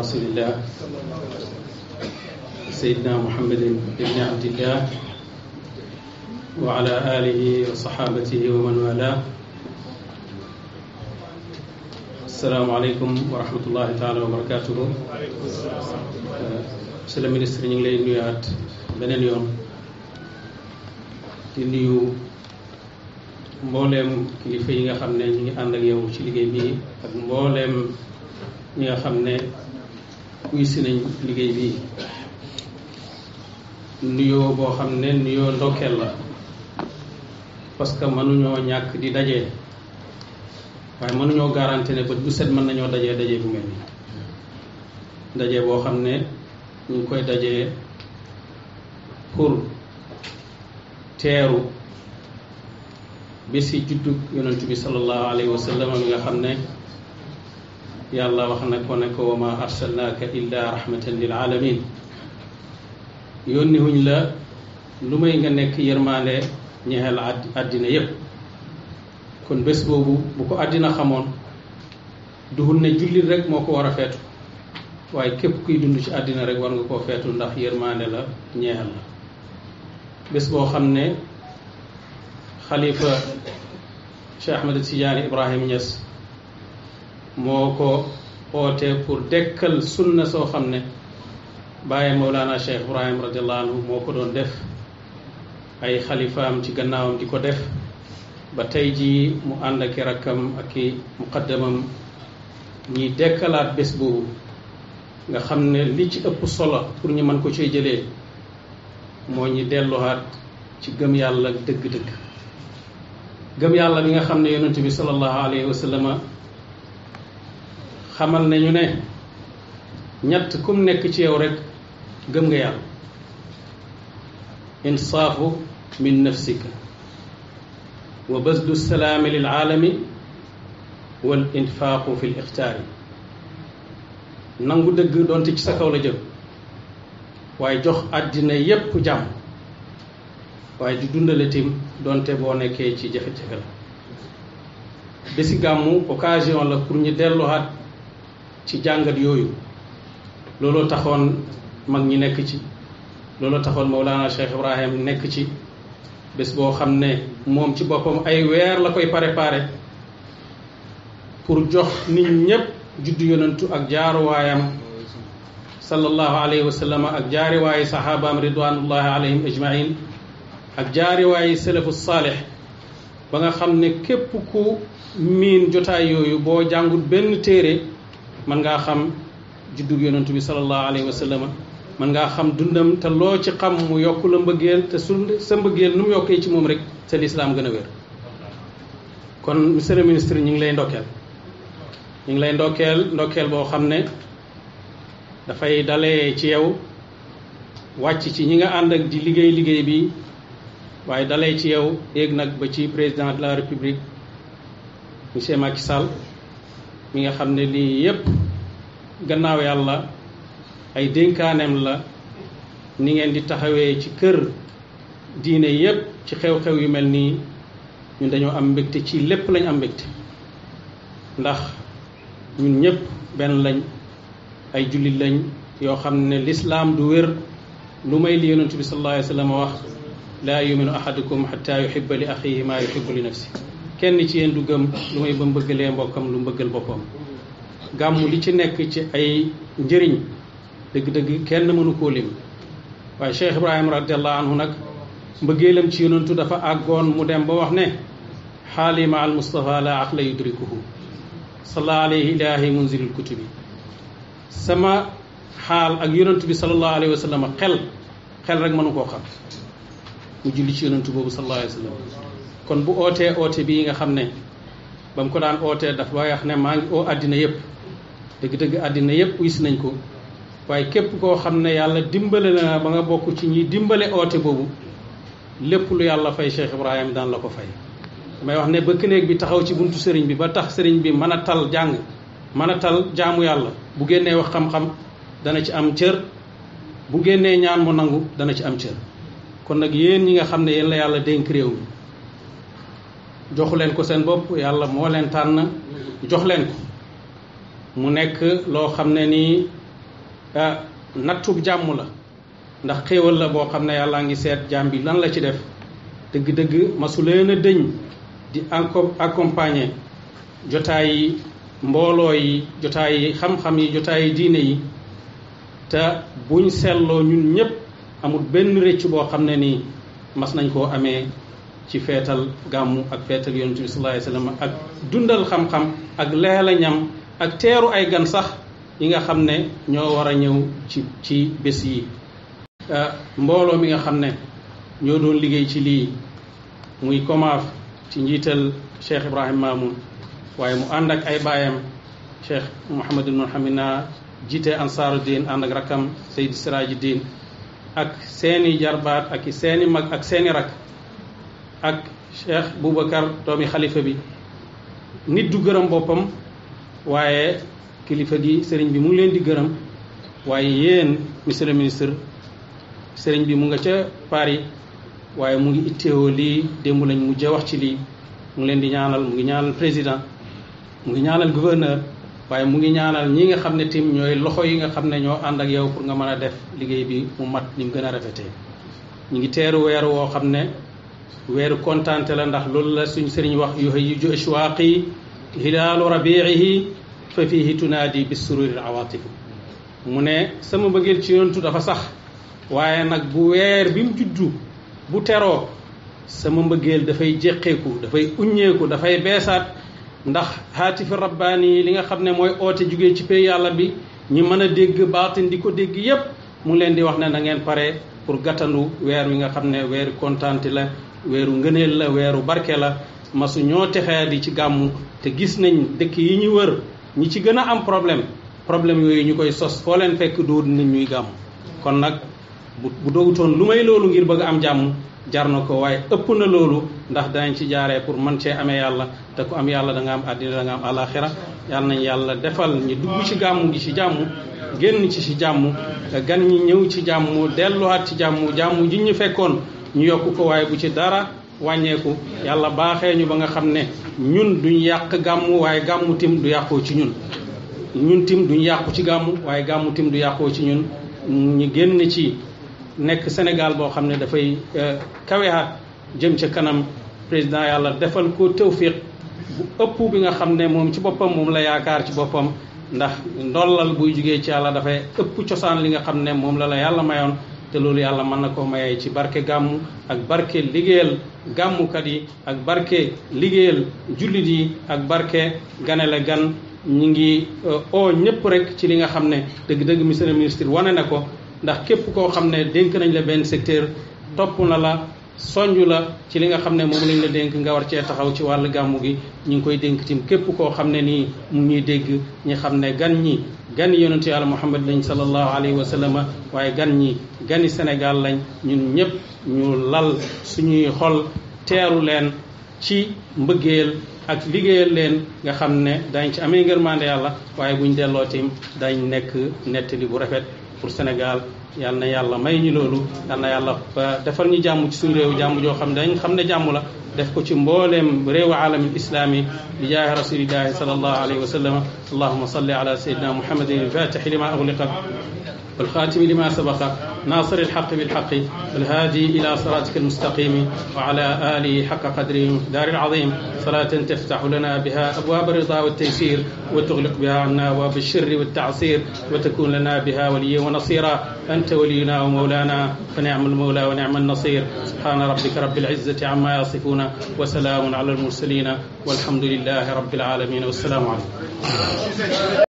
رسول الله سيدنا محمد بن عبد الله وعلى آله وصحابته ومن والاه السلام عليكم ورحمة الله تعالى وبركاته سلام السرين لي نيوات بن اليوم di nuyu mbolem kilifa yi nga xamne ñi ngi and ak yow ci liggéey bi ak mbolem ñi nga xamne uy si nañ liggéey bii nuyoo boo xam ne nuyoo ndokkeel la parce que mënuñoo ñàkk di dajee waaye mënuñoo garanti ne bët bu set mën nañoo dajee daje bu mel nii dajee boo xam ne ñu koy dajee pour teeru si juddug yonent bi sallallahu alayhi wa sallam nga xam ne يا الله وحنك ونك وما أرسلناك إلا رحمة للعالمين يونيهن لا لما ينك يرمان نهال أدنى يب كن بس بو بكو أدنى خمون دهن نجل رك موكو ورفت واي كيب كي دنش أدنى رك وانكو كوفت ونخ يرمان لا نهال بس بو خمنا خليفة شيخ أحمد السجاني إبراهيم يس moo ko oote pour dekkal sunna soo xam ne bàyyi moo Cheikh Ibrahim radiallahu anhu moo ko doon def ay xalifaam ci gannaawam di ko def ba tey jii mu ànd ak i rakkam ak i muqaddamam ñiy dekkalaat bés boobu nga xam ne li ci ëpp solo pour ñu mën ko cee jëlee moo ñi delluwaat ci gëm yàlla dëgg-dëgg gëm yàlla li nga xam ne yonent bi sallallahu alayhi wa xamal nañu ne ñett kum nekk ci yow rek gëm nga yàlla insaafu min nafsika wa basdu salaami lil aalami wal infaaqu fi l ixtaari nangu dëgg doonte ci sa kaw la jëm waaye jox àddina yépp jàmm waaye di dundale tim doonte boo nekkee ci jafe-jafe la bési gàmmu occasion la pour ñu delluwaat ci jàngat yooyu looloo taxoon mag ñi nekk ci looloo taxoon Mawlana Cheikh Ibrahim nekk ci bés boo xam ne moom ci boppam ay weer la koy pare pare pour jox nit ñépp juddu yonantu ak jaaruwaayam sallallahu alayhi wa sallam ak jaariwaayi sahabaam ridwanullahi alayhim ajmain ak jaariwaayi salafu saalih ba nga xam ne képp ku miin jotaay yooyu boo jàngut benn téere mën ngaa xam juddug yonantu bi sallallahu alayhi wa sallam mën ngaa xam dundam te loo ci xam mu yokk la mbëggeel te su sa mbëggeel nu mu yokkee ci moom rek sa lislaam gën a wér kon monsieur le ministre ñu ngi lay ndokkeel ñu ngi lay ndokkeel ndokkeel boo xam ne dafay dalee ci yow wàcc ci ñi nga ànd ak di liggéey liggéey bi waaye dalee ci yow yéeg nag ba ci président de la république monsieur Macky Sall mi nga xam ne lii yépp gannaaw yàlla ay dénkaaneem la ni ngeen di taxawee ci kër diine yépp ci xew-xew yu mel nii ñu dañoo am mbégte ci lépp lañ am mbégte ndax ñun ñépp benn lañ ay jullit lañ yoo xam ne lislaam du wér lu may li yonentu bi sallallahu alayhi la sallam wax laa yuminu ahadukum xata yuxiba li axihi maa yuxibu li nafsi kenn ci yéen du gëm lu may ba mbëggalee mbokkam lu mbëggal boppam gàmmu li ci nekk ci ay njëriñ dëgg-dëgg kenn mënu koo lim waaye Cheikh Ibrahima radiallahu nag mbëggeelam ci yonantu dafa àggoon mu dem ba wax ne xaali ma al mustafa la aqla yudrikuhu sala alayhi ilaahi munzilil bi sama xaal ak yonantu bi salallahu alayhi wa xel xel rek mënu koo xam mu julli ci yonantu boobu salallahu alayhi wa kon bu ootee oote bii nga xam ne ba mu ko daan ootee dafa wax ne maa ngi oo àddina yëpp dëgg-dëgg àddina yëpp wis nañ ko waaye képp koo xam ne yàlla dimbale na ba nga bokk ci ñuy dimbale oote boobu lépp lu yàlla fay Cheikh Ibrahim daan la ko fay damay wax ne bëkk néeg bi taxaw ci buntu sëriñ bi ba tax sëriñ bi mën a tal jàng mën a tal jaamu yàlla bu génnee wax xam-xam dana ci am cër bu génnee ñaan mu nangu dana ci am cër kon nag yéen ñi nga xam ne yéen la yàlla dénk joxu leen ko seen bopp yàlla moo leen tànn jox leen ko mu nekk loo xam ne nii ah, nattub jàmm la ndax xéewal la boo xam ne yàllaa ngi seet jàmm bi lan la ci def dëgg-dëgg masu leen dëñ di encore accompagner jotaay mbooloo yi jotaay yi xam-xam yi jotaay yi diine yi te buñ seetloo ñun ñépp amul benn rëcc boo xam ne nii mas nañ koo amee ci feetal gàmmu ak feetal yonent bi sallallahu alayhi wasallam ak dundal xam-xam ak leela ñam ak teeru ay gan sax yi nga xam ne ñoo war a ñëw ci ci bés yi euh, mbooloo mi nga xam ne ñoo doon liggéey ci lii muy komaaf ci njiital Cheikh Ibrahim Mamoun waaye mu ànd ay baayam Cheikh Mouhamadul na jiite Ansaaruddin ànd ak rakkam Seydi Siraaji Diin ak seeni jarbaat ak seeni mag ak seeni rak ak Cheikh Boubacar doomi xalifa bi nit du gërëm boppam waaye kilifa gi sëriñ bi mu ngi leen di gërëm waaye yéen monsieur ministre sëriñ bi mu nga ca Paris waaye mu ngi itteewoo lii démb lañ mu wax ci lii mu ngi leen di ñaanal mu ngi ñaanal président mu ngi ñaanal gouverneur waaye mu ngi ñaanal ñi nga xam ne tim ñooy loxo yi nga xam ne ñoo ànd ak yow pour nga mën a def liggéey bi mu mat ni mu gën a rafetee ñu ngi teeru weer woo xam ne weeru kontaante la ndax loolu la suñ sëriñ wax yu yuhayyiju ashwaaqi hilaalu rabiihi fa fiihi tunaadi bi sururi awaatifu mu ne sama mbëggeel ci yontu dafa sax waaye nag bu weer bi juddu bu teroo sama mbëggeel dafay jéqeeku dafay uññeeku dafay beesaat ndax haatifi rabbaani li nga xam ne mooy oote jugee ci pay yàlla bi ñi mën a dégg baatin di ko dégg yépp mu leen di wax ne na ngeen pare pour gàttandu weer wi nga xam ne weeru kontaante la weeru ngëneel la weeru barke la masu ñoo texee di ci gàmmu te gis nañ dëkk yi ñuy wër ñi ci gën a am problème problème yooyu ñu koy sos foo leen fekk dóor nit ñuy gàmm kon nag bu bu dogutoon lu may loolu ngir bëgg am jàmm jar na ko waaye ëpp na loolu ndax danañ ci jaaree pour man cee amee yàlla te ko am yàlla da nga am àddina da nga am alaxira yàlla nañ yàlla defal ñu dugg ci gàmm gi ci jàmm génn ci ci jàmm gan ñi ñëw ci jàmm delluwaat ci jàmm jàmm ji ñu fekkoon ñu yokk ko waaye bu ci dara wàññeeku yàlla baaxee ñu ba nga xam ne ñun duñ yàq gàmmu waaye gàmmu tim du yàqoo ci ñun ñun tim duñ yàqu ci gàmmu waaye gàmmu tim du yàqoo ci ñun ñu génn ci nekk Sénégal boo xam ne dafay euh, kaweaat jëm ca kanam président yàlla defal ko tawfiq bu ëpp bi nga xam ne moom ci boppam moom la yaakaar ci boppam ndax ndollal buy jugee ci yàlla dafay ëpp cosaan li nga xam ne moom la la yàlla mayoon te loolu yàlla mën na ko mayee ci barke gàmmu ak barke liggéeyal gàmmukat yi ak barke liggéeyal jullit yi ak barke ganale gan ñi ngi euh, oo ñëpp rek ci li nga xam ne dëgg-dëgg monsieur le ministre wane na ko ndax képp koo xam ne dénk nañ la benn secteur topp na la soñju la ci li nga xam ne moom lañ la dénk nga war cee taxaw ci wàllu gàmmu gi ñu ngi koy dénk tim képp koo xam ne nii mu ñuy dégg ñi xam ne gan ñi gan yonentu yàlla muhammad lañ sallallahu alayhi wa sallam waaye gan ñi gani senegal lañ ñun ñëpp ñu lal suñuy xol teeru leen ci mbëggeel ak liggéeyal leen nga xam ne dañ ci amee ngërmande yàlla waaye buñ delloo tim dañ nekk nettali bu rafet pour Sénégal yàlla na yàlla may ñu loolu yàlla na yàlla defal ñu jàmm ci suñu réew jàmm joo xam ne dañ xam ne jàmm la def ko ci mbooleem réewu aalamil islaami bi jaahi rasulillahi sal allahu alayhi wa sallam allahuma salli ala sayidina muhammadin alfatixi lima ugliqat والخاتم لما سبق ناصر الحق بالحق الهادي إلى صراطك المستقيم وعلى آله حق قدره دار العظيم صلاة تفتح لنا بها أبواب الرضا والتيسير وتغلق بها عنا أبواب الشر والتعصير وتكون لنا بها وليا ونصيرا أنت ولينا ومولانا فنعم المولى ونعم النصير سبحان ربك رب العزة عما يصفون وسلام على المرسلين والحمد لله رب العالمين والسلام عليكم